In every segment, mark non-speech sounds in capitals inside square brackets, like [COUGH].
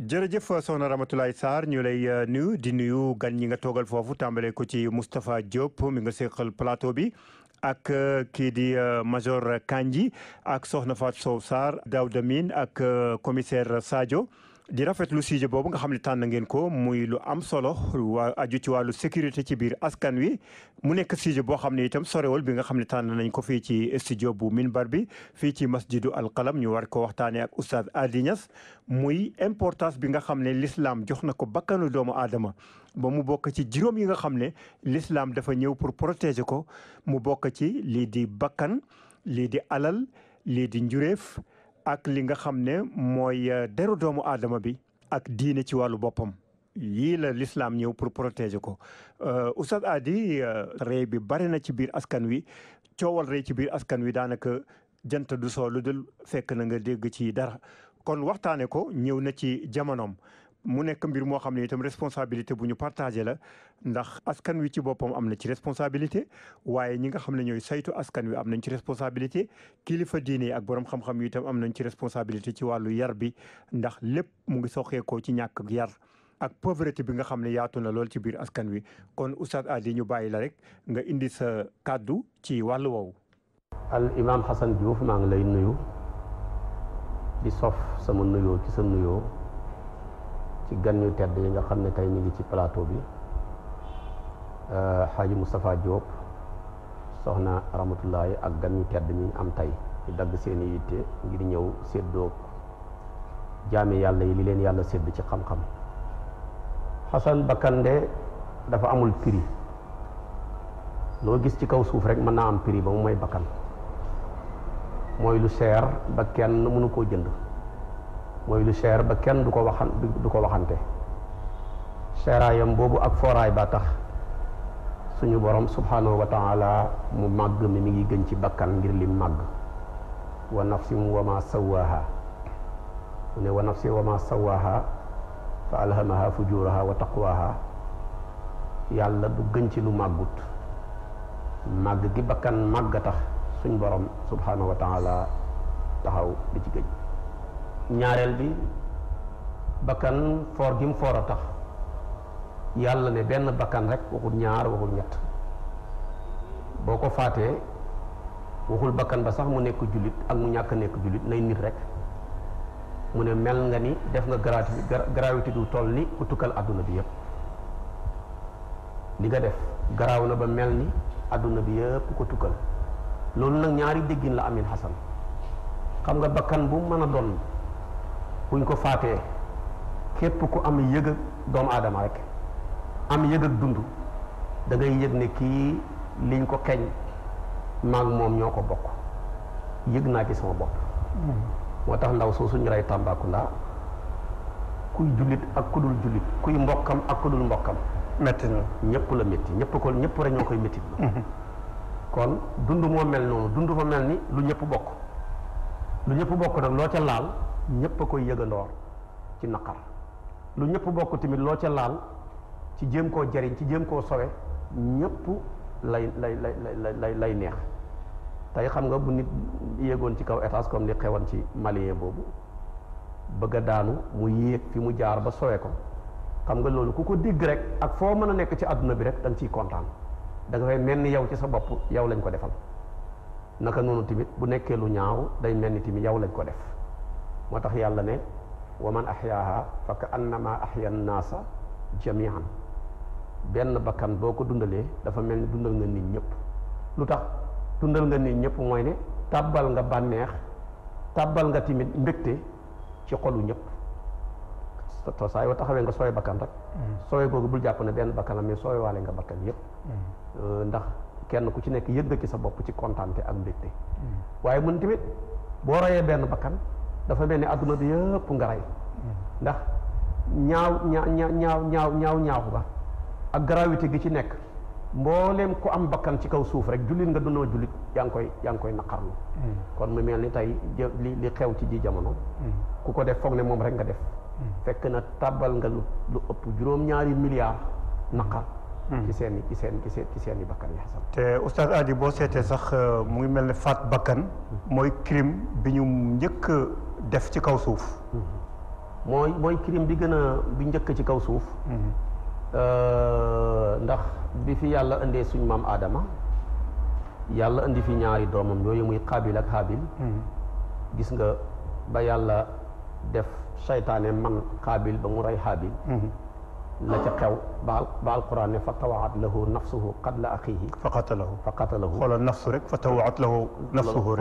jërëjëf soxna Ramatoulaye saar ñu lay euh, nuyu di nuyu gan ñi nga toogal foofu tàmbale ko ci Moustapha Diop mi nga seqal plateau bi ak euh, kii di euh, major Kandji ak soxna Fatou Sow Sarr Daouda Mine ak commissaire Sadio. di rafetlu sujet boobu nga xam ne tànn ngeen ko muy lu am solo waa aju ci wàllu sécurité ci biir askan wi mu nekk sujet boo xam ne itam sorewul bi nga xam ne tànn nañ ko fii ci studio bu minbar bi fii ci masjidu alqalam ñu war ko waxtaanee ak oustaz Hady muy importance bi nga xam ne lislaam jox na ko bakkanu doomu aadama ba mu bokk ci juróom yi nga xam ne lislaam dafa ñëw pour protéger ko mu bokk ci lii di bakkan lii di alal lii di njuréef ak li nga xam ne mooy euh, deru doomu aadama bi ak diine ci wàllu boppam yii la lislaam ñëw pour protéger ko euh, Oustaz Hady euh, rey bi bari na ci biir askan wi coowal rey ci biir askan wi daanaka jant du soo lu fekk na nga dégg ci dara kon waxtaane ko ñëw na ci jamonoom mu nekk mbir moo xam ne itam responsabilité bu ñu partagé la ndax askan wi ci boppam am na ci responsabilité waaye ñi nga xam ne ñooy saytu askan wi am nañ ci responsabilité kilifa diine ak borom xam-xam yi itam am nañ ci responsabilité ci wàllu yar bi ndax lépp mu ngi soxeekoo ci ñàkk yar ak pauvreté bi nga xam ne yaatu na lool ci biir askan wi kon Oustaz Hady ñu bàyyi la rek nga indi sa kàddu ci wàllu woowu. al imam Hassan Diouf maa ngi lay nuyu di sof sama nuyoo ci ci gan ñu tedd yi nga xam ne tey ñu ngi ci plateau bi xaaji euh, Moustapha Diop soxna Ramatullahi ak gan ñu tedd ñu am tey ñu dagg seeni yitte ngir ñëw séddoo jaame yàlla yi li leen yàlla sédd ci xam-xam Xasan bakkande dafa amul prix loo gis ci kaw suuf rek mën naa am prix ba mu mooy bakkan mooy lu seer ba kenn mënu koo jënd mooy lu cher ba kenn du ko waxan ko waxante seeraayam boobu ak fooraay ba tax suñu borom subhanahu wa mu màgg mi mi ngi gën ci bakkan ngir lim màgg wa nafsin wa ma sawaaha mu ne wa si wa ma sawaaha fa alhamaha fujuraha wa taqwaha yàlla du gën ci lu màggut màgg gi bakkan màgg tax suñ borom subhanahu wa taxaw di ci gëj ñaareel bi bakkan foor gim foor a tax yàlla ne benn bakkan rek waxul ñaar waxul ñett boo ko faatee waxul bakkan ba sax mu nekk jullit ak mu ñàkk nekk jullit nay nit rek mu ne mel nga ni def nga gravité du toll ni ku tukkal àdduna bi yëpp li nga def garaaw na ba mel ni àdduna bi yépp ko tukkal loolu nag ñaari déggin la amin xasan xam nga bakkan bu mën a doon buñ ko faatee képp ku am yëg ak doomu aadama rek am yëg ak dund da ngay yëg ne kii liñ ko keñ maag moom ñoo ko bokk yëg naa ci sama bopp hmm. moo tax ndaw soo suñu rey Tambacounda kuy jullit ak ku dul jullit kuy mbokkam ak ku dul mbokkam metti na ñëpp la métti ñëpp ko ñëpp rek ñoo koy métti hmm. kon dund moo mel noonu dund fa mel ni lu ñëpp bokk lu ñëpp bokk nag loo ca laal ñëpp a koy yëgandoor ci naqar lu ñëpp bokk tamit loo ca laal ci jéem koo jariñ ci jéem koo sowe ñëpp lay lay lay neex tey xam nga bu nit yéegoon ci kaw étage comme li xewoon ci malien boobu bëgg a daanu mu yéeg fi mu jaar ba sowee ko xam nga loolu ku ko digg rek ak foo mën a nekk ci àdduna bi rek da ciy kontaan da nga fay mel ni yow ci sa bopp yow lañ ko defal naka noonu tamit bu nekkee lu ñaaw day mel ni tamit yow lañ ko def moo tax yàlla ne wa man ahyaaha fa ka annama ahya naasa jamian benn bakkan boo ko dundalee dafa mel ni dundal nga nit ñëpp lu tax dundal nga nit ñëpp mooy ne tàbbal nga bànneex tàbbal nga timit mbégte ci xolu ñëpp to saa yoo taxawee nga sooy bakkan rek mm. sooy googu bul jàpp ne benn bakkan la mais sooy waale nga bakkan yëpp mm. euh, ndax kenn ku ci nekk yëg ci sa bopp ci kontaante ak mbégte mm. waaye mun tamit boo reyee benn bakkan dafa mel ni adduna bi yëpp nga rey ndax ñaaw ñaaw ñaaw ñaaw ñaaw ñaaw ba ak gravité gi ci nekk mboolem ku am bakkan ci kaw suuf rek jullit nga dunoo jullit yaa ngi koy yaa ngi koy naqarlu mm. kon mu mel ni tey li li xew ci ji jamono mm. ku ko def foog ne moom rek nga def mm. fekk na taabal nga lu lu ëpp juróom-ñaari milliards naqar ci seen i ci seen ci seen ci seen bakkan yi xasan te oustaz Adi boo seetee sax euh, mu ngi mel ni faat bakkan mooy crime bi ñu njëkk def ci kaw suuf. mooy mooy crime bi gën a bi njëkk ci kaw suuf. Mm-hmm. ndax bi fi yàlla indee suñ maam Adama yàlla indi fi ñaari doomam yooyu muy Xaabil ak Haabil. Mm-hmm. gis nga ba yàlla def saytaane man Xaabil ba mu rey Haabil. Mm-hmm. la ca xew ba ba alquran fa tawaat lahu nafsuhu qatla axiihi fa fa qatalahu xoolal nafsu rek fa tawaat lahu nafsuhu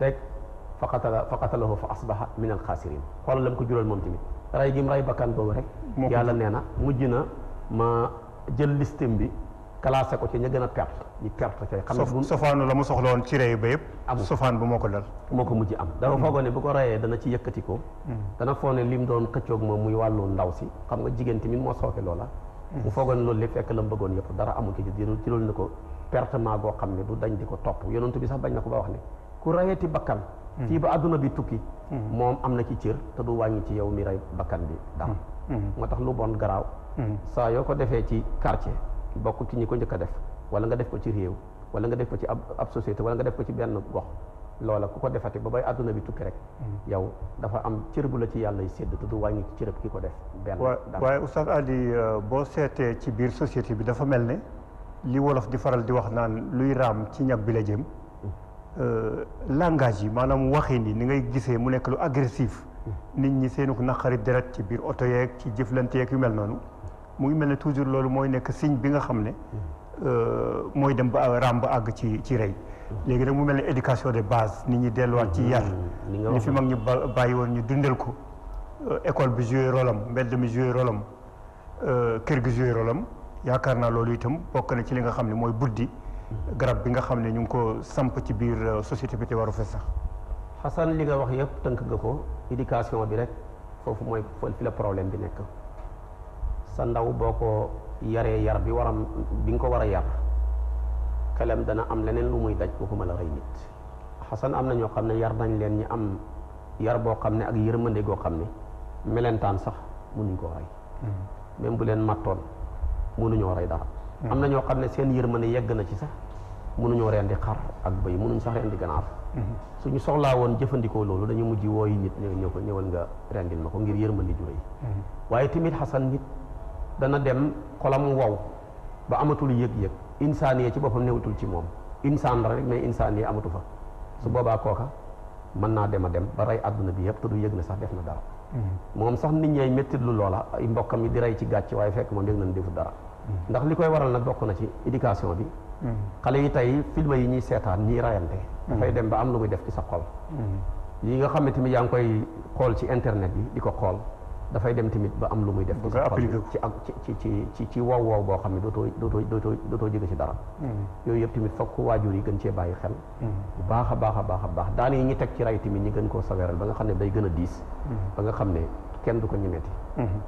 rek fa qatala fa qatalahu fa asbaha min alxaasirin xoolal la mu ko jural moom tamit ray gi mu ray bakkan boobu rek yàlla nee na mujj na ma jël listim bi classé ko ci ña gën a perte ñi perte kay xam sofaanu la mu soxla woon ci rey ba yëpp am sofaan bu ko dal moo ko mujj am dafa foogoo ne bu ko rayee dana ci yëkkati ko mm. dana foo ne doon xëccoog moom muy wàllu ndaw si xam nga jigéen tamit moo sooke loola mm. mu foogoo ne loolu lépp fekk la dara amul ki ci ci loolu ne ko pertement goo xam ne du dañ di ko topp yonent bi sax bañ na ko ba wax ne ku rayeeti bakkan Mm-hmm. fii ba àdduna bi tukki mm-hmm. moom am na ci cër te du wàññi ci yow mi rey bakkan bi dara mm-hmm. moo tax lu bon garaaw saa yoo ko defee ci quartier bokk ki ñu ko njëkk def wala nga def ko ci réew wala nga def ko ci ab ab société wala nga def ko ci benn gox loola ku ko defati ba bay àdduna bi tukki rek yow dafa am cër bu la ci yàlla sédd te du wàññi ci cërëb ki ko def benn waaye Oustaz Ali euh, boo seetee ci biir société bi dafa mel ne li wolof di faral di wax naan luy raam ci ñab bi la jëm Euh, langage yi maanaam waxin yi ni ngay gisee mu nekk lu agressif nit ñi seenu naqari deret ci biir oto yeeg ci jëflante yeeg yu mel noonu mu ngi mel ne toujours loolu mooy nekk signe bi nga xam ne euh, mooy dem ba ràmb àgg ci ci rey léegi nag mu mel ni éducation de base nit ñi delluwaat ci yar li mm-hmm. mm-hmm. fi mag ñu bàyyi woon ñu dundal ko euh, école bi joué rôle am mbedd mi joué rôle am kër gi joué rôle yaakaar naa loolu itam bokk na ci li nga xam ne mooy buddi garab bi nga xam ne ñu ngi ko samp ci biir euh, société bi te waru fe sax Xasan li nga wax yëpp tënk nga ko éducation bi rek foofu mooy fi la problème bi nekk sa ndaw boo ko yaree yar bi war bi nga ko war a yar xelam dana am leneen lu muy daj waxuma la rey nit Xasan am na ñoo xam ne yar nañ leen ñi am yar boo xam ne ak yërmande goo xam ne melentaan sax mënuñ ko rey hmm. même bu leen mattoon mënuñoo rey dara Mm-hmm. am na ñoo xam ne seen yërmande yegg na ci sax mënuñoo rendi xar ak bëy mënuñ sax rendi ganaar mm-hmm. ñu soxlaa woon jëfandikoo loolu dañu mujj wooyi nit ñëw ko ñëwal nga rendil ma ko ngir yërmande ju rëy mm-hmm. waaye tamit xasan nit dana dem xolam wow ba amatul yëg-yëg insaan yee ci boppam newatul ci moom insaan la rek mais insaan yi amatu fa su boobaa kooka mën naa dem a dem ba rey àdduna bi yëpp te du yëg na sax def na dara moom sax nit ñay métti lu loola ay mbokkam di rey ci gàcc waaye fekk moom yëg nañ defu dara ndax li koy waral nag bokk na ci éducation bi hmm. xale yi tey film yi ñuy seetaan ñuy rayante hmm. dafay dem ba am lu muy def ci sa xol hmm. yi nga xam ne tamit yaa ngi koy xool ci internet bi di ko xool dafay dem tamit ba am lu muy def ci sa xol ci ak ci ci ci ci wow wow boo xam ne dootoo dootoo dootoo dootoo jóge ci dara yooyu yëpp tamit fokk waajur yi gën cee bàyyi xel bu baax a baax a baax a baax daan yi ñu teg ci ray tamit ñi gën koo saweeral ba nga xam ne day gën a diis ba nga xam ne kenn du ko ñemeeti mhm.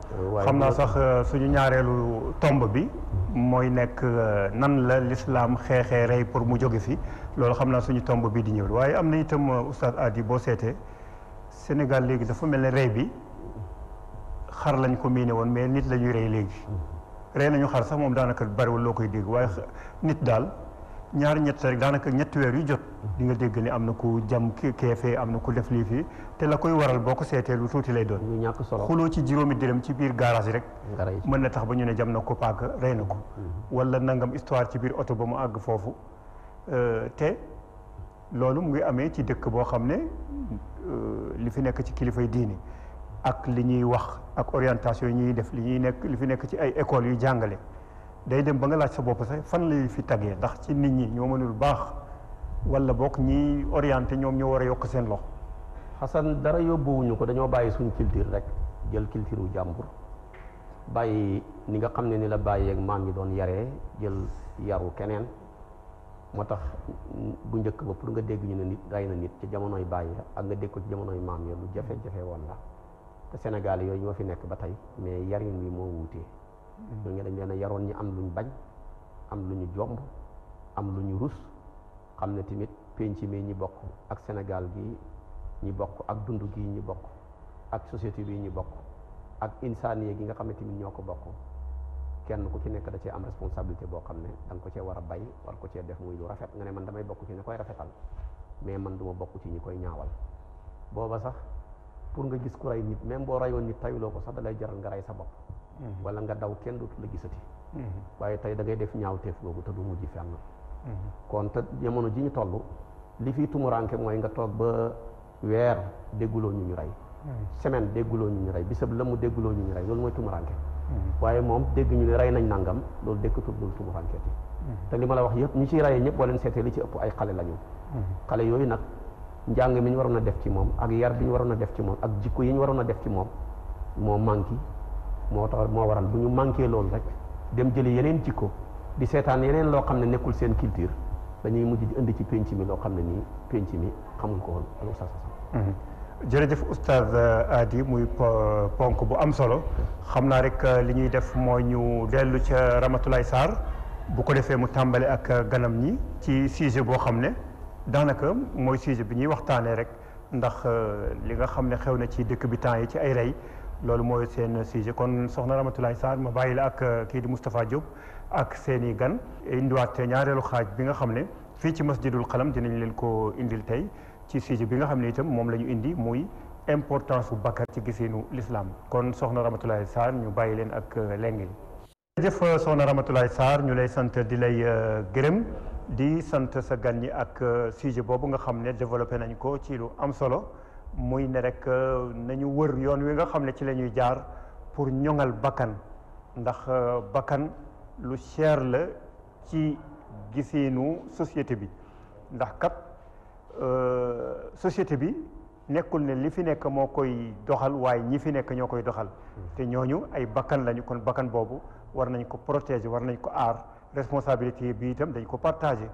xam naa sax euh, suñu ñaareelu tomb bi mooy nekk euh, nan la lislaam xeexee rey pour mu jóge fi loolu xam naa suñu tomb bi di ñëw waaye am na itam euh, oustaz Adi boo seetee Sénégal léegi dafa mel ne rey bi xar lañ ko miine woon mais nit la ñuy rey léegi mhm. rey nañu xar sax moom daanaka bariwul loo koy dégg waaye nit daal ñaar ñett rek daanaka ñetti weer yu jot di nga dégg ni am na ku jam keefee am na ku def lii fi te la koy waral boo ko seetee lu tuuti lay doon xuloo ci juróomi dërëm ci biir garage rek mën na tax ba ñu ne jam na ko paaka rey na ko mhm. walla nangam histoire ci biir oto ba mu àgg foofu euh, te loolu mu ngi amee ci dëkk boo xam ne euh, li fi nekk ci kilifay diini ak li ñuy wax ak orientation yi ñuy def li ñuy nekk li fi nekk ci ay écoles yu jàngale day dem ba nga laaj sa bopp sax fan lay fi tagee ndax ci nit ñi ñoo mënul baax wala bokk ñi orienté ñoom ñoo war a yokk seen loxo. Xasan dara yóbbuwuñu ko dañoo bàyyi suñ culture rek jël culture wu jàmbur bàyyi ni nga xam ne ni la bàyyi ak maam yi doon yaree jël yaru keneen moo tax bu njëkk ba pour nga dégg ñu ne nit rey na nit ci jamonoy bàyyi ak nga dégg ko ci jamonoy maam yi lu jafe-jafe woon la te Sénégal yooyu ñoo fi nekk ba tey mais yarin wi ñooñu dañ leen a yaroon ñi am luñ bañ am lu ñu jomb am lu ñu rus xam ne tamit penc mi ñi bokk ak Sénégal gi ñi bokk ak dund gi ñi bokk ak société bi ñi bokk ak insaaniye gi nga xam ne tamit ñoo ko bokk kenn ku ci nekk da cee am responsabilité boo xam ne da ko cee war a bay war ko cee def muy lu rafet nga ne man damay bokk ci ñi koy rafetal mais man duma bokk ci ñi koy ñaawal booba sax pour nga gis ku rey nit même boo reyoon nit tayuloo ko sax da lay jaral nga rey sa bopp Mm-hmm. wala nga daw kenn dootu la gisati mm-hmm. waaye tey da ngay def ñaawteef googu te du mujj fenn mm-hmm. kon te jamono ji ñu toll li fi tumuranke mooy nga toog ba weer dégguloo ñu ñu rey semaine dégguloo ñu ñu rey bi la mu dégguloo ñu ñu rey loolu mooy tumuranke waaye moom dégg ñu ne rey nañ nangam loolu dëkkatul loolu tumuranke te li ma la wax yëpp ñi ciy reyee ñëpp boo leen seetee li ci ëpp ay xale lañu xale yooyu nag njàng mi ñu waroon a def ci moom ak yar bi ñu waroon a def ci moom ak jikko yi waroon a def ci moom moo manqué moo tax moo waral bu ñu manqué loolu rek dem jëli yeneen jikko di seetaan yeneen loo xam ne nekkul seen culture dañuy mujj di indi ci penc mi loo xam ne nii penc mi xamuñ ko woon al oustaz Assane mhm. jërëjëf oustaz adi muy ponk bu am solo xam naa rek euh, li ñuy def mooy ñu dellu ci Ramatoulaye Sarr bu ko defee mu tàmbale ak ganam ñi ci sujet boo xam ne daanaka mooy sujet bi ñuy waxtaanee rek ndax euh, li nga xam ne xew na ci dëkk bi temps yi ci ay rey loolu mooy seen sujet kon soxna Ramatoulaye Sarr ma bàyyi la ak euh, kii di Moustapha Diop ak seeni gan indiwaat ñaareelu xaaj bi nga xam ne fii ci masjidul xalam dinañ leen ko indil tey ci sujet bi nga xam ne itam moom la ñu indi muy importance bu bakkan ci giseenu lislaam kon soxna Ramatoulaye Sarr ñu bàyyi leen ak euh, leng euh, soxna Ramatoulaye Sarr ñu lay sant di lay gërëm di sant sa gan ñi ak sujet boobu nga xam ne développé nañ ko ci lu am solo muy ne rek euh, nañu wër yoon wi nga xam ne ci lañuy jaar pour ñoŋal bakkan ndax euh, bakkan lu cher la ci gisiinu société bi ndax kat euh, société bi nekkul ne li fi nekk moo koy doxal waaye ñi fi nekk ñoo koy doxal hmm. te ñooñu ay bakkan lañu kon bakkan boobu war nañ ko protéger war nañ ko aar responsabilité bi itam dañ ko partager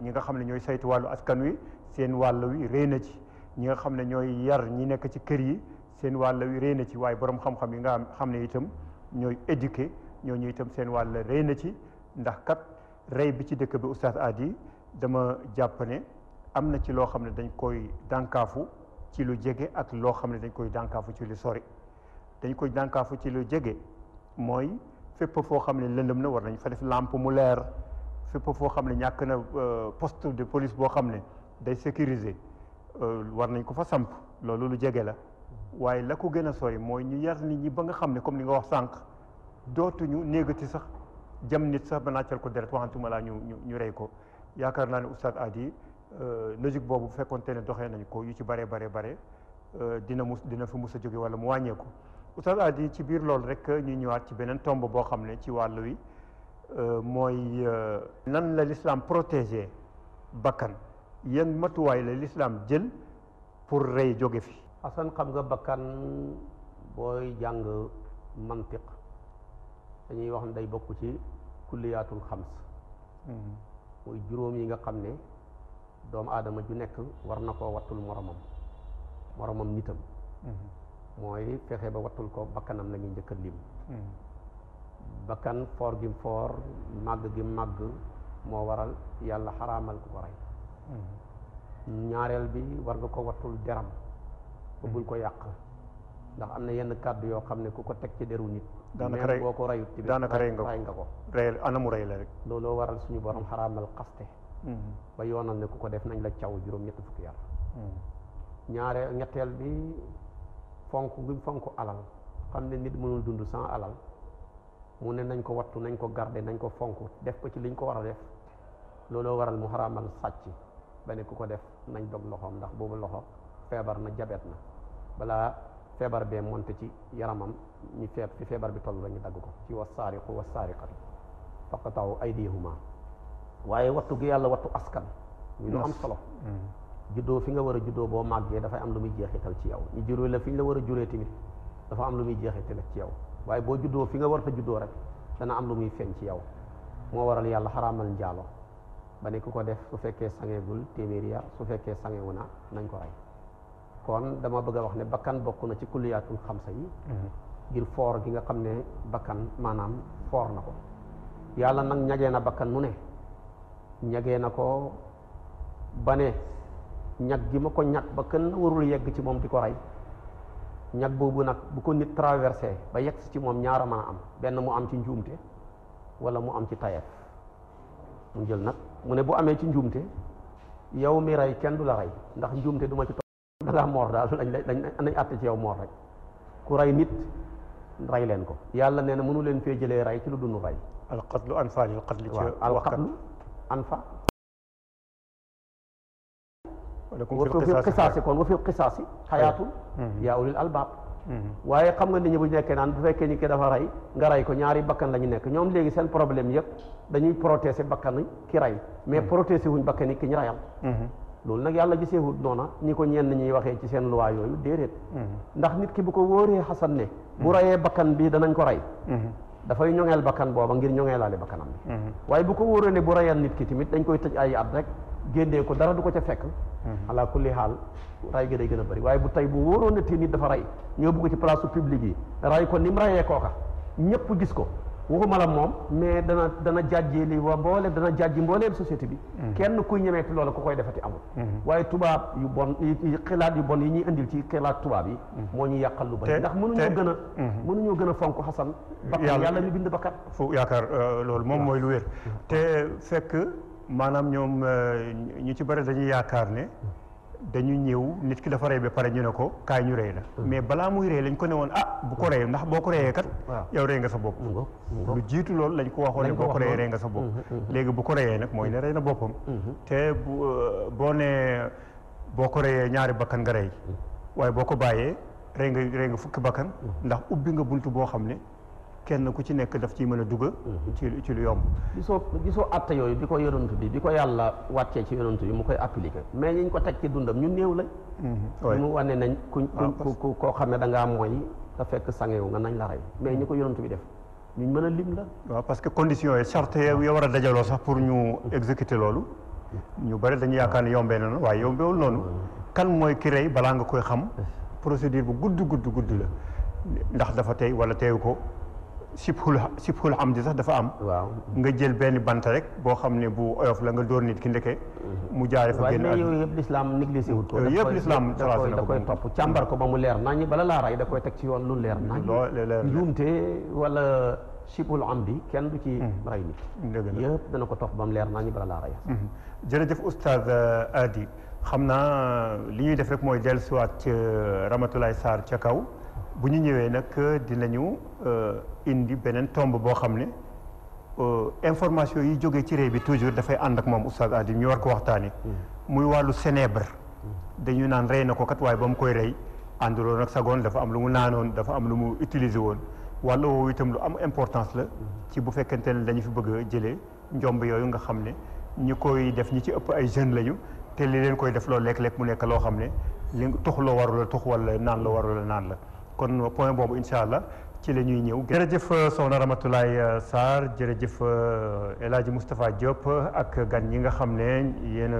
ñi nga xam ne ñooy saytu wàllu askan wi seen wàll wi réy na ci ñi xam ne ñooy yar ñi nekk ci kër yi seen wàll rëy na ci waaye borom xam-xam yi nga xam ne itam ñooy éduqué ñooñu itam seen wàll rëy na ci ndax kat rey bi ci dëkk bi oustaz Adi dama jàpp am na ci loo xam ne dañ koy dànkaafu ci lu jege ak loo xam ne dañ koy dànkaafu ci lu sori dañ koy dànkaafu ci lu jege mooy fépp foo xam ne lëndëm na war nañ fa def làmp mu leer fépp foo xam ne ñàkk na euh, poste de police boo xam ne day sécuriser. Euh, war nañ ko fa samp loolu lu jege la waaye la ko gën a sori mooy ñu yar nit ñi ba nga xam ne comme li nga wax sànq dootuñu néegati sax jam nit sax ba nàccal ko deret waxantuma laa ñu ñu rey ko yaakaar naa ne oustaz Adi euh, logique boobu bu fekkoonte ne doxee nañ ko yu ci bare bare bare euh, dina mus dina fi mus a jóge wala mu wàññeeku oustaz Adi ci biir loolu rek ñu ñëwaat ci beneen tomb boo xam ne ci wàll wi mooy nan la l'islam protégé bakkan yan matuwaay la lislaam jël pour rey jóge fi asan xam nga bakkan booy jàng mantiq dañuy wax ne day bokk ci kulliyaatul xams mm-hmm. muy juróom yi nga xam ne doomu aadama ju nekk war na koo wattul moromam moromam nitam mm-hmm. mooy fexe ba wattul ko bakkanam la ñuy njëkk a lim mm-hmm. bakkan foor gi foor màgg gi màgg moo waral yàlla xaraamal ku ko rey Mm-hmm. ñaareel bi war nga ko wattul deram ba bul ko yàq ndax am na yenn kàddu yoo xam ne ku ko teg ci deru nit daanaka rey boo ko rayut ci daanaka rey nga ko rey nga ko rey anamu rey la rek waral suñu borom xaraamal xaste mm-hmm. ba yoonal ko def nañ la caw juróom ñetti fukki yar mm-hmm. ñaareel ñetteel bi fonk guñ fonk alal xam ne nit mënul dund sans alal mu ne nañ ko wattu nañ ko garde nañ ko fonk def ko ci liñ ko war a def looloo waral mu xaraamal sàcc ba ne ku ko def nañ dog loxoom ndax boobu loxo feebar na jabet na balaa feebar bee monte ci yaramam ñu feet fi feebar bi toll rek ñu dagg ko ci wassaariqu ay faqtaw aydihuma waaye wattu gi yàlla wattu askan ñu lu am solo mm. juddoo fi nga war a juddoo boo màggee dafay am lu muy jeexital ci yow ñu juree la fi ñu la war a juree tamit dafa am lu muy jeexital ci yow waaye boo juddoo fi nga war a juddoo rek dana am lu muy feeñ ci yow moo waral yàlla xaraamal njaalo ba ne ki ko def su fekkee sangeegul téeméeri yar su fekkee sangewu na nañ ko rey kon dama bëgg a wax ne bakkan bokk na ci kulliyaatul xamsa yi mhm. ngir foor gi nga xam ne bakkan maanaam foor na ko yàlla nag ñage na bakkan mu ne ñagee na ko ba ne ñag gi ma ko ñag ba kenn warul yegg ci moom di ko rey ñag boobu nag bu ko nit traversé ba yegg ci moom ñaara mën a am benn mu am ci njuumte wala mu am ci tayeef mu jël nag mu ne bu amee ci njuumte yow mi rey kenn du la rey ndax njuumte duma ma ci topp da ngaa moor daal dañ nañ àtte ci yow moor rek ku rey nit rey leen ko yàlla nee na mënu leen fee jëlee rey ci lu dunu rey alqatlu anfa lil qatli ci alqatlu anfa wa fi qisaasi kon wa fi qisaasi xayaatun mm-hmm. yaa ulil albaab waaye xam nga ni ñi bu nekkee naan bu fekkee ni ki dafa rey nga rey ko ñaari bakkan la ñu nekk ñoom léegi seen problème yëpp dañuy protéger bakkan ki rey mais mm-hmm. protéger wuñ bakkan yi ki ñu reyal mm-hmm. loolu nag yàlla gisee giseewut noona ñi ko ñenn ñuy waxee ci seen loi yooyu déedéet mm-hmm. ndax nit ki bu ko wóoree xasan ne bu reyee bakkan bi danañ ko rey dafay ñoŋeel bakkan booba ngir ñoŋeelaale bakkanam bi waaye bu ko wóoree ne bu reyal nit ki tamit dañ koy tëj ay at rek génnee ko dara du ko ca fekk mhm. ala kulli xaal ray gi day gën a bëri waaye bu tey bu wóoroon ne te nit dafa ray ñoo bugg ci place publique yi ray ko ni mu kooka ñëpp gis ko waxuma la moom mais dana dana jàjji li wa mboole dana jàjji mbooleem société bi mhm. kenn kuy ñemeeti loolu ku koy defati amul mhm. waaye tubaab yu bon xilaat yu bon yi ñuy indil ci xilaat tubaab yi moo ñu yàqal lu bëri ndax mënuñoo gën a mënuñoo gën a fonk xasan bakkan yàlla ñu bind bakkan fu euh, loolu moom mooy lu wér te maanaam ñoom euh, ñu ci bari dañuy yaakaar ne dañu ñëw nit ki dafa rey ba pare ñu ne ko kaay ñu rey na hmm. mais balaa muy rey lañ ko ne woon ah bu ko rey ndax boo ko reyee hmm. yow rey nga sa bopp. lu jiitu loolu lañ ko waxoon ne ko reyee rey nga sa bopp. Hmm, léegi bu ko reyee nag mooy ne rey na boppam. te euh, boo ne boo ko reyee ñaari bakkan nga rey waaye boo ko bàyyee rey nga nga fukki bakkan. ndax ubbi nga bunt boo xam ne. kenn ku ci nekk daf ciy mën a dugg. Mhm. ci ci lu yomb. gisoo gisoo atte yooyu di ko yonent bi bi ko yàlla wàccee ci yonent bi mu koy appliqué mais ñi ñu ko teg ci dundam ñu néew lañ. waaye mhm. mu wane nañ kuñ ah, ku koo xam ne da ngaa mooy te fekk sangewu nga nañ la rey mais ñi ko yonent bi def ñu mën a lim la. waaw parce que conditions yi charte ya ah. war a dajaloo sax pour ñu mm-hmm. exécuter loolu. ñu bëri dañu yaakaar ne yombee na noonu waaye yombewul noonu. Mm-hmm. kan mooy ki rey balaa nga koy xam. procédure bu gudd gudd gudd la. ndax dafa tey wala teewu ko. sibhul sibhul amdi sax dafa am. waaw nga jël benn bant rek boo xam ne bu oyof la nga door nit ki ndeke. Mhm. mu jaare a génn waaye yooyu yëpp lislaam négligé wut ko. yëpp ba mu leer naññi bala da koy teg ci yoon lu leer naññi. loo leer njuumte wala sibhul amdi kenn du ci mhm. ray nit. dëgg ba mu leer naññi bala laa ray. Mhm. jërëjëf oustaz euh, Adi xam naa euh, li ñuy def rek mooy dellusiwaat ci euh, Ramatoulaye Sarr ca kaw bu ñu ñëwee nag dinañu. indi beneen tomb boo xam ne euh, information yi jóge ci réew bi toujours dafay ànd ak moom oustaz Adim ñu war ko waxtaani mm. muy wàllu sénèbre mm. dañuy naan rey na ko kat waaye ba mu koy rey ànduloon ak sagoon dafa am lu mu naanoon dafa am lu mu utiliser woon wàllu woo itam lu am importance la mm. ci bu fekkente ne dañu fi bëgg a jëlee njomb yooyu nga xam ne ñi koy def ñi ci ëpp ay jeunes lañu te li leen koy def loo lekk-lekk mu nekk loo xam ne li tux loo warula tux wala naan la warula naan la kon point boobu incha allah ci la ñuy ñëw. jërëjëf euh, soxna Ramatoulaye euh, Sarr jërëjëf euh, El Hadj Moustapha Diop ak gan ñi nga xam ne yéen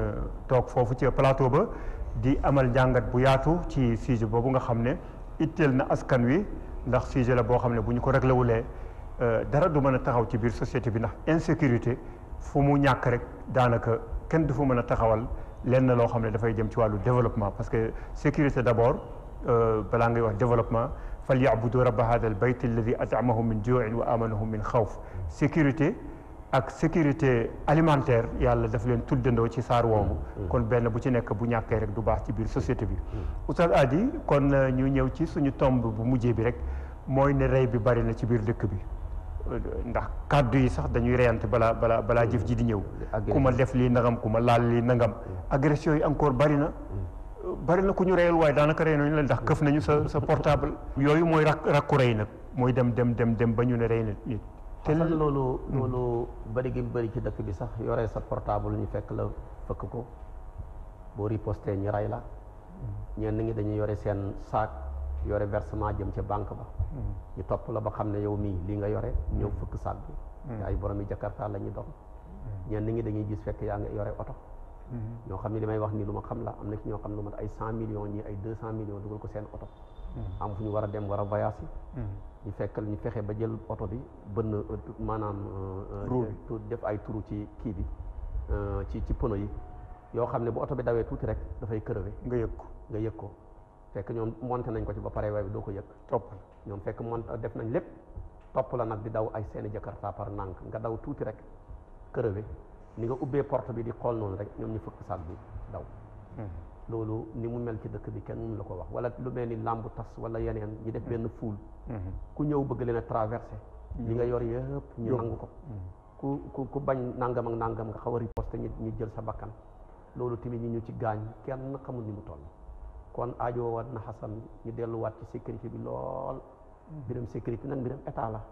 toog foofu ci plateau ba di amal njàngat bu yaatu ci sujet boobu nga xam ne itteel na askan wi ndax sujet la boo xam ne bu ñu ko réglé wulee dara du mën a taxaw ci biir société bi ndax insécurité fu mu ñàkk rek daanaka kenn du fu mën a taxawal lenn loo xam ne dafay jëm ci wàllu développement parce que sécurité d'abord balaa ngay wax développement. falyabudu rabba hada al bayt alladi atamahum min juin wa amanahum min xawf sécurité ak sécurité alimentaire yàlla daf leen tuddandoo ci saar woowu mm-hmm. kon benn bu ci nekk bu ñàkkee rek du baax ci biir société bi mm-hmm. oustaz Adi kon euh, ñu ñëw ci suñu tomb bu mujjee bi rek mooy ne rey bi bari na ci biir dëkk bi ndax kàddu yi sax dañuy reyante balaa balaa balaa jëf ji di ñëw mm-hmm. ku ma def lii nangam ku ma laal lii nangam agression yi encore bari na bari na ku ñu reyal waaye daanaka rey nañu la ndax këf nañu sa sa portable. yooyu mooy rak rakku rey nag mooy dem dem dem dem ba ñu ne rey na nit. te loolu hmm. loolu bari gi bari ci dëkk bi sax yore sa portable ñu fekk la fëkk ko boo riposté ñu rey la. Hmm. ñenn ngi dañuy yore seen saak yore versement jëm ca banque ba. Hmm. ñu topp la ba xam ne yow mii lii nga yore ñëw fëkk saak bi. ay borom yi jakarta la ñu doon. ñenn ñi dañuy gis fekk yaa ngi yore oto. ñoo mm-hmm. xam ne damay wax nii lu ma xam la am na ci ñoo xam ne lu mat ay cent millions ñi ay deux cent millions dugal ko seen oto mm-hmm. am fu ñu war a dem war a voyage mm-hmm. ñu fekkal ñu fexe ba jël oto bi bënn maanaam euh, euh, def ay trou ci kii bi euh, ci ci pono yi yoo xam ne bu oto bi dawee tuuti rek dafay crevé nga yëg ko nga yëg ko fekk ñoom monté nañ ko ci ba pare waaye doo ko yëg topp ñoom fekk monté def nañ lépp topp la nag di daw ay seen jakarta par nànk nga daw tuuti rek crevé ni nga ubbee porte bi di xool noonu rek ñoom ñu fëkk saag bi daw hmm. loolu ni mu mel ci dëkk bi kenn mënu la ko wax wala lu mel ni làmbu tas wala yeneen ñu def benn fuul hmm. ku ñëw bëgg leen a traversé hmm. li nga yor yëpp ñu nangu ko ku ku ku bañ nangam ak nangam nga xaw a riposte ñu ñu jël sa bakkan loolu tamit ñi ñu ci gaañ kenn xamul ni mu toll kon aajo waat na xasan ñu delluwaat ci sécurité bi lool biram sécurité nag biram état la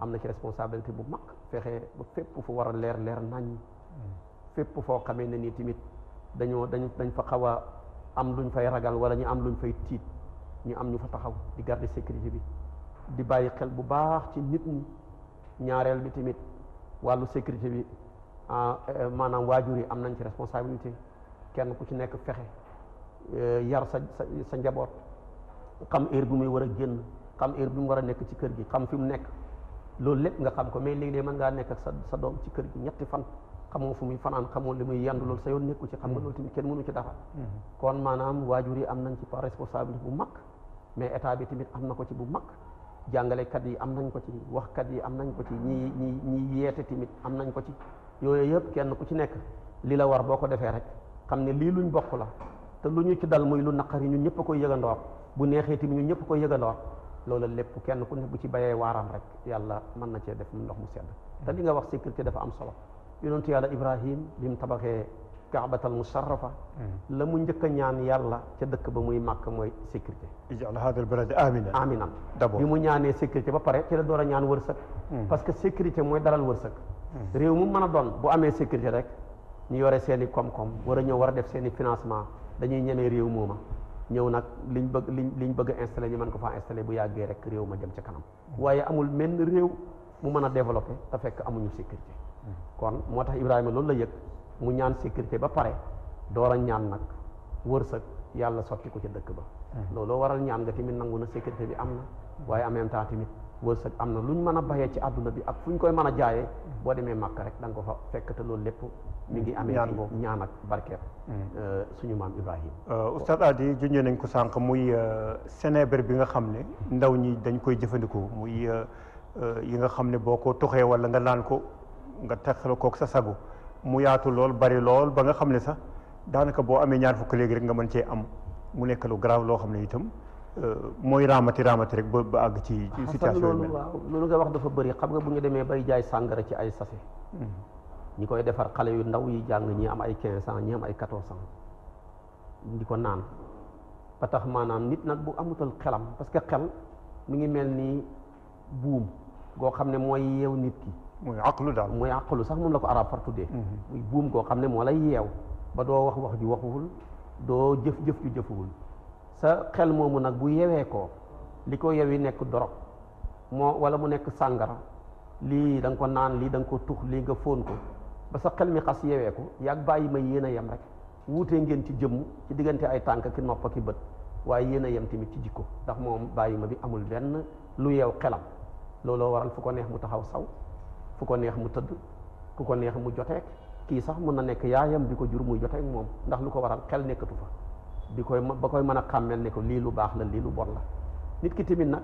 am na ci responsabilité bu mag fexe ba fépp fu war a leer leer nañ fépp foo xamee na nii tamit dañoo dañ dañ fa xaw a am luñ fay ragal wala ñu am luñ fay tiit ñu am ñu fa taxaw di garder sécurité bi di bàyyi xel bu baax ci nit ñi ñaareel bi tamit wàllu sécurité bi ah, eh, maanaam waajur yi am nañ ci responsabilité kenn ku ci nekk fexe eh, yar sa sa sa njaboot xam heure bi muy war a génn xam heure bi mu war a nekk ci kër gi xam fi mu nekk loolu lépp nga xam ko mais léeg-léeg mën ngaa nekk ak sa sa doom ci kër gi ñetti fan xamoo fu muy fanaan xamoo li muy yendu loolu sa yoon nekku ci xam nga mm. loolu tamit kenn mënu ci dara mm-hmm. kon maanaam waajur yi am nañ ci par responsabilité bu mag mais état bi tamit am na ko ci bu mag jàngalekat yi am nañ ko ci waxkat yi am nañ ko ci ñi ñi ñi yeete tamit am nañ ko ci yooyu yëpp kenn ku ci nekk li la war boo ko defee rek xam ne lii luñ bokk la te lu ñu ci dal muy lu naqari ñun ñëpp koy yëgandoor bu neexee tamit ñun ñëpp koy yëgandoor loolu lépp kenn ku ne bu ci bayee waaram rek yàlla mën na cee def ndox mu sedd te li nga wax sécurité dafa am solo yonentu yàlla ibrahim bi mu tabaxee kaabatal musharrafa hmm. la mu njëkk ñaan yàlla ca dëkk ba muy màkk mooy sécurité ij'al haadha al-balad aminan aminan d'abord bi mu ñaanee sécurité ba pare ci la a ñaan wërsëg hmm. parce que sécurité mooy dalal wërsëg hmm. réew mu mën a doon bu amee sécurité rek ñu yore seen i koom-koom war a ñëw war a def seen i financement dañuy ñemee réew mooma ñëw nag liñ bëgg liñ liñ bëgg a installé ñu ko faa installé bu yàggee rek réew ma jëm ca kanam waaye amul menn réew mu mën a développé te fekk amuñu sécurité kon moo tax Ibrahima loolu la yëg mu ñaan sécurité ba pare door a ñaan nag wërsëg yàlla sotti ko ca dëkk ba. Mm-hmm. looloo waral ñaan nga tamit nangu na sécurité bi am na waaye en même temps tamit am na lu ñu mën a bayee ci àdduna bi ak fu ñu koy mën a jaayee boo demee rek da ko fa fekk loolu lépp mi ngi amee ci ñaan ak barkeeb mm-hmm. euh, suñu maam Ibrahima euh, Oustaz Hady junjee nañ ko sànq muy ténèbre euh, bi nga xam ne ndaw ñi dañ koy jëfandikoo muy yi nga xam ne boo ko toxee wala nga naan ko nga taxal kook sa sagu mu yaatu lool bari lool ba nga xam ne sax daanaka boo amee ñaar fukk léegi rek nga mën cee am mu nekk lu grave loo xam ne itam euh, mooy raamati raamati rek ba àgg ci. situation loolu nga wax dafa bëri xam nga bu ñu demee bay jaay sàngara ci ay sase. Hmm. ñi koy defar xale yu ndaw yi jàng ñi am ay quinze ans ñi am ay quatorze ans di ko naan ba tax maanaam nit nag bu amutal xelam parce que xel mu ngi mel ni buum goo xam ne mooy yeew nit ki. muy àqlu daal muy àqlu sax moom la ko arab far tuddee mm-hmm. muy buum koo xam ne moo lay yeew ba doo wax wax ju waxuwul doo jëf-jëf ju jëfuwul sa xel moomu nag bu yewee ko li ko yewi nekk dorog moo wala mu nekk sàngara lii da ko naan lii danga ko tux lii nga fóon ko ba sa xel mi xas yewee ko yàgg bàyyi ma yéen a yem rek wuutee ngeen ci jëmm ci diggante ay tànk ki nopp ki bët waaye yéen a yem tamit ci jikko ndax moom bàyyi ma bi amul benn lu yeew xelam looloo waral fu mu taxaw saw fu ko neex mu tëdd fu ko neex mu joteek kii sax mun na nekk yaayam bi ko jur muy joteek moom ndax lu ko waral xel nekkatu fa bi koy ba koy mën a xàmmel ne ko lii lu baax la lii lu bon la nit ki tamit nag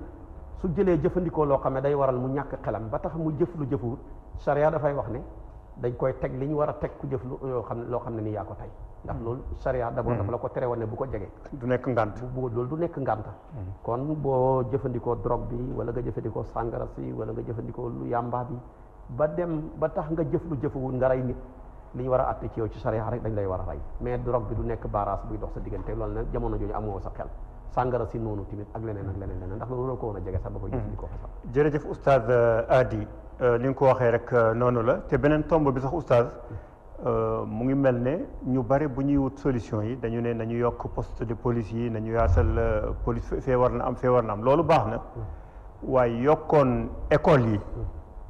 su jëlee jëfandikoo loo xam ne day waral mu ñàkk xelam ba tax mu jëf lu jëfuwut charia dafay wax ne dañ koy teg li ñu war a teg ku jëf lu yoo xam ne loo xam ne ni yaa ko tey ndax loolu charia d'abord hmm. dafa la ko tere woon ne bu ko jege du nekk ngant bu loolu du nekk ngànta hmm. kon boo jëfandikoo drogue bi wala nga jëfandikoo sàngara si wala nga jëfandikoo lu ba dem ba tax nga jëf lu jëfewul nga rey nit li ñu war a àtte ci yow ci sariya rek dañ lay war a rey mais drogue bi du nekk baaraas buy dox sa diggante loolu nag jamono jooju amoo sa xel sàngara si noonu tamit ak leneen ak leneen leneen ndax loolu la ko woon a jege sax ba koy jëfandikoo hmm. sax jërëjëf oustaz euh, Adi li euh, nga ko waxee rek euh, noonu la te beneen tomb bi sax oustaz hmm. mu ngi mel ne ñu bari bu ñuy wut solution yi dañu ne nañu yokk post de police yi nañu yaasal police fee war na am fee war am loolu baax na hmm. waaye yokkoon école yi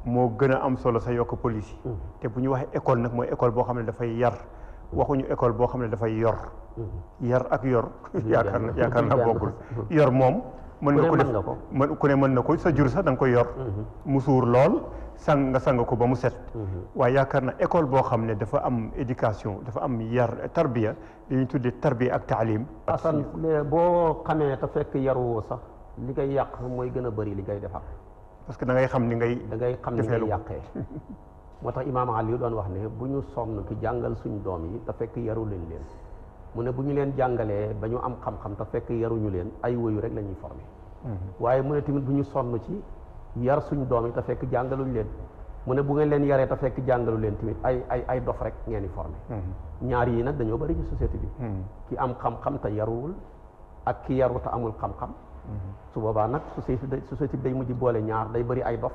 moo gën a am solo sa yokk police mhm. te bu ñu waxee école nag mooy école boo xam ne dafay yar mhm. waxuñu école boo xam ne dafay yor mhm. yar ak yor [LAUGHS] yaakaar na yaakaar naa bokkul yor moom mën nga ko def mën ne mën na ko sa jur sax da koy yor mu lool sang nga sang ko ba mu set waaye yaakaar na école boo xam ne dafa am éducation dafa am yar tarbiya li ñuy tuddee tarbiya ak taalim asan boo xamee te fekk yaruwoo sax li koy yàq mooy gën a bari li ngay defar parce que dangay xam ni ngay. da ngay xam ni ngay yàqee. [LAUGHS] moo tax imaam Aliou doon wax ne bu ñu sonn ki jàngal suñu doom yi te fekk yaru leen leen mu ne bu ñu leen jàngalee ba am xam-xam fekk yaruñu leen ay woyu rek la ñuy formé. Mhm. waaye mu ne tamit bu ñu sonn ci yar suñu doom yi te fekk jàngaluñ leen mu ne bu ngeen leen yaree te fekk jàngalu leen tamit ay ay ay dof rek ngeen di formé. Mhm. ñaar yii nag dañoo bari ci société bi. Mhm. ki am xam-xam te yaruwul ak ki yaru amul xam-xam. Mhm. su boobaa nag société société bi day mujj boole ñaar day bëri ay dof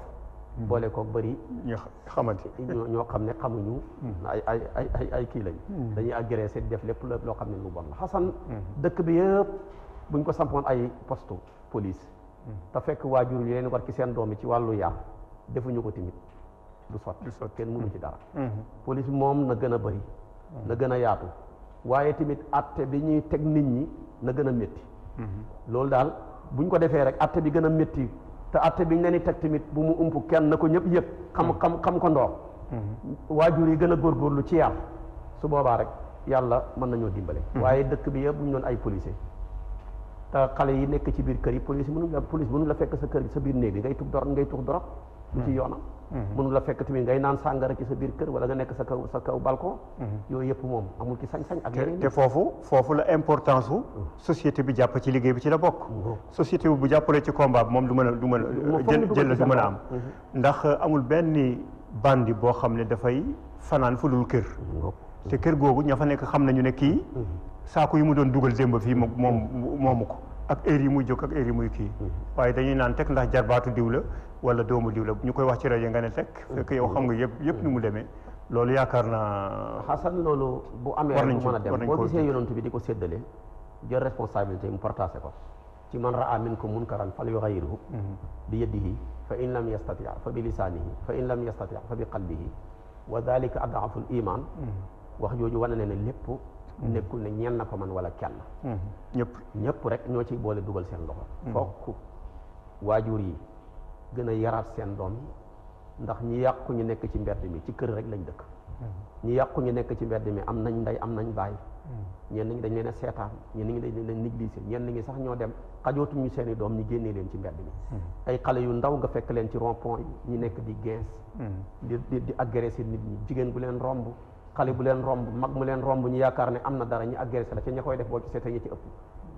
mhm. boole koog bëri ñoo xamante [LAUGHS] ñoo xam ne xamuñu mhm. ay ay ay ay ay kii lañ dañuy seet def lépp loo xam ne lu bon la xasan dëkk bi yëpp buñ ko sampoon ay posto police te fekk waajur yi leen war ci seen doom bi ci wàllu yar defuñu ko tamit du sotti kenn mënu ci dara police moom na gën a bëri na gën a yaatu waaye tamit atte bi ñuy teg nit ñi na gën a métti loolu daal bu ñu ko defee rek atte bi gën a métti te atte bi ñu leen teg tamit bu mu ump kenn na ko ñëpp yëg xam hmm. xam xam ko ndoor hmm. waajur yi gën a góorgóorlu ci yàlla su boobaa rek yàlla mën nañoo dimbale hmm. waaye dëkk bi yëpp bu ñu doon ay policier te xale yi nekk ci biir kër yi police mënu la police mënu la fekk sa kër sa biir néeg bi ngay tux dor ngay tux dorog du ci yoonam Mhm. mënu la fekk tamit ngay naan sàngara ci sa biir kër wala nga nekk sa kaw sa kaw balcon mhm. yooyu yëpp moom amul ci sañ-sañ ak yeneen te foofu foofu la importance wu mhm. société bi jàpp ci liggéey bi ci la bokk société bi bu jàppale ci combat bi moom du mën a du mën a jël du mën a am ndax amul benn bandi boo xam ne dafay fanaan fu dul kër te kër googu ña fa nekk xam nañu ne kii saako yi mu doon dugal démb fii moom moomu ko ak heure yi muy jóg ak heure yi muy kii hmm. waaye dañuy naan teg ndax jarbaatu diw la wala doomu diw la ñu koy wax ci rajo nga ne teg hmm. fekk yow xam nga yëpp yëpp ni mu demee loolu yaakaar naa xasan loolu bu amee rek mën a dem boo gisee yonent bi di ko séddale jël responsabilité mu partagé ko ci man raa minkum munkaran fal yughayyiru hmm. bi yadihi fa in lam yastati fa bi lisaanihi fa in lam yastati fa bi qalbihi wa dalika ad'afu al iman wax jooju wane ne ne lépp Mm-hmm. nekkul ne ñenn na ko man wala kenn mm-hmm. ñëpp ñëpp rek ñoo ciy boole dugal seen loxo mm-hmm. fokk waajur yi gën a yaraat seen doom ndax ñi yàqu ñu nekk ci mbedd mi ci kër rek lañ dëkk ñi yàqu ñu nekk ci mbedd mi am nañ ndey am nañ bàyyi ñenn ñi dañ leen a seetaan ñenn ñi dañ leen négligé ñenn ñi sax ñoo dem xajootuñu seeni doom ñi génnee leen ci mbedd mi ay xale yu ndaw nga fekk leen ci rond point ñu nekk di gens di di agressé nit ñi jigéen bu leen romb xale bu leen romb mag mu leen romb ñu yaakaar ne am na dara ñi agressé la ca ña koy def boo ci seetee ñi ci ëpp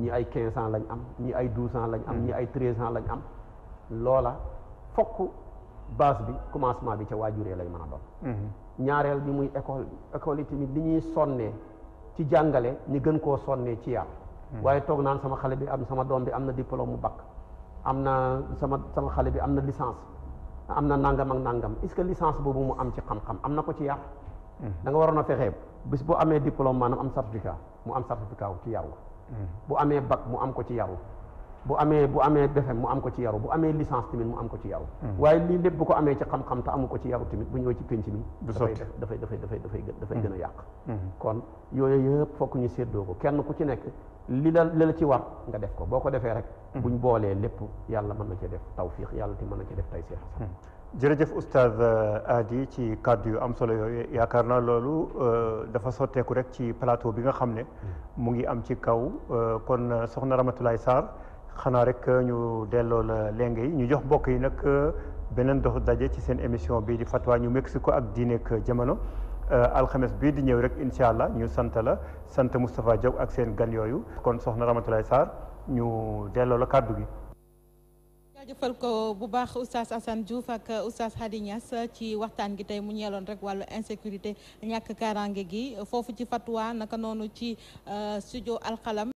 ñi ay 15 ans lañ am ñi ay 12 ans lañ am ñi ay 13 ans lañ am loola fokk base bi commencement bi ca waajuree lañ man a doon mhm. ñaareel bi muy école école yi tamit li ñuy sonnee ci jàngale ñu gën koo sonnee ci yar mhm. waaye toog naan sama xale bi am sama doom bi am na diplôme mu bac am na sama sama xale bi am na licence am na nangam ak nangam est-ce que licence boobu mu am ci xam am na ko ci yar da nga waroon a fexe bis bu amee diplôme maanaam am certificat mu am certificat wu ci yaru bu amee bac mu am ko ci yaru bu amee bu amee BFEM mu am ko ci yaru bu amee licence tamit mu am ko ci yaru hmm. waaye lii lépp bu ko amee ci xam-xam te amu ko ci yaru tamit bu ñëw ci pénc mi dafay dafay dafay dafay dafay dafay gën a hmm. yàq hmm. kon yooyu yëpp fokk ñu séddoo ko kenn ku ci nekk li la li la ci war nga def ko boo ko defee rek buñ boolee lépp yàlla mën na ci def tawfiix yàlla ti mën na ci def tey seex jërëjëf oustaz Hady eh, ci kàddu yu am solo yooyu yaakaar naa loolu eh, dafa sotteeku rek ci plateau bi nga xam ne hmm. mu ngi am ci kaw eh, kon soxna Ramatoulaye Sarr xanaa rek ñu delloo la lenge yi ñu jox mbokk yi nag beneen dox daje ci seen émission bii di Fatwa ñu Mexico ak diineek jamono alxames bii di ñëw rek incha allah ñu sant la sant Moustapha Diop ak seen gan yooyu kon soxna Ramatoulaye Sarr ñu delloo la kàddu gi. jaajëfal ko bu baax oustaz Assane Diouf ak oustaz Hadi ci waxtaan gi tey mu ñeeloon rek wàllu insécurité ñàkk kaaraange gi foofu ci fatwa naka noonu ci euh, studio alxalam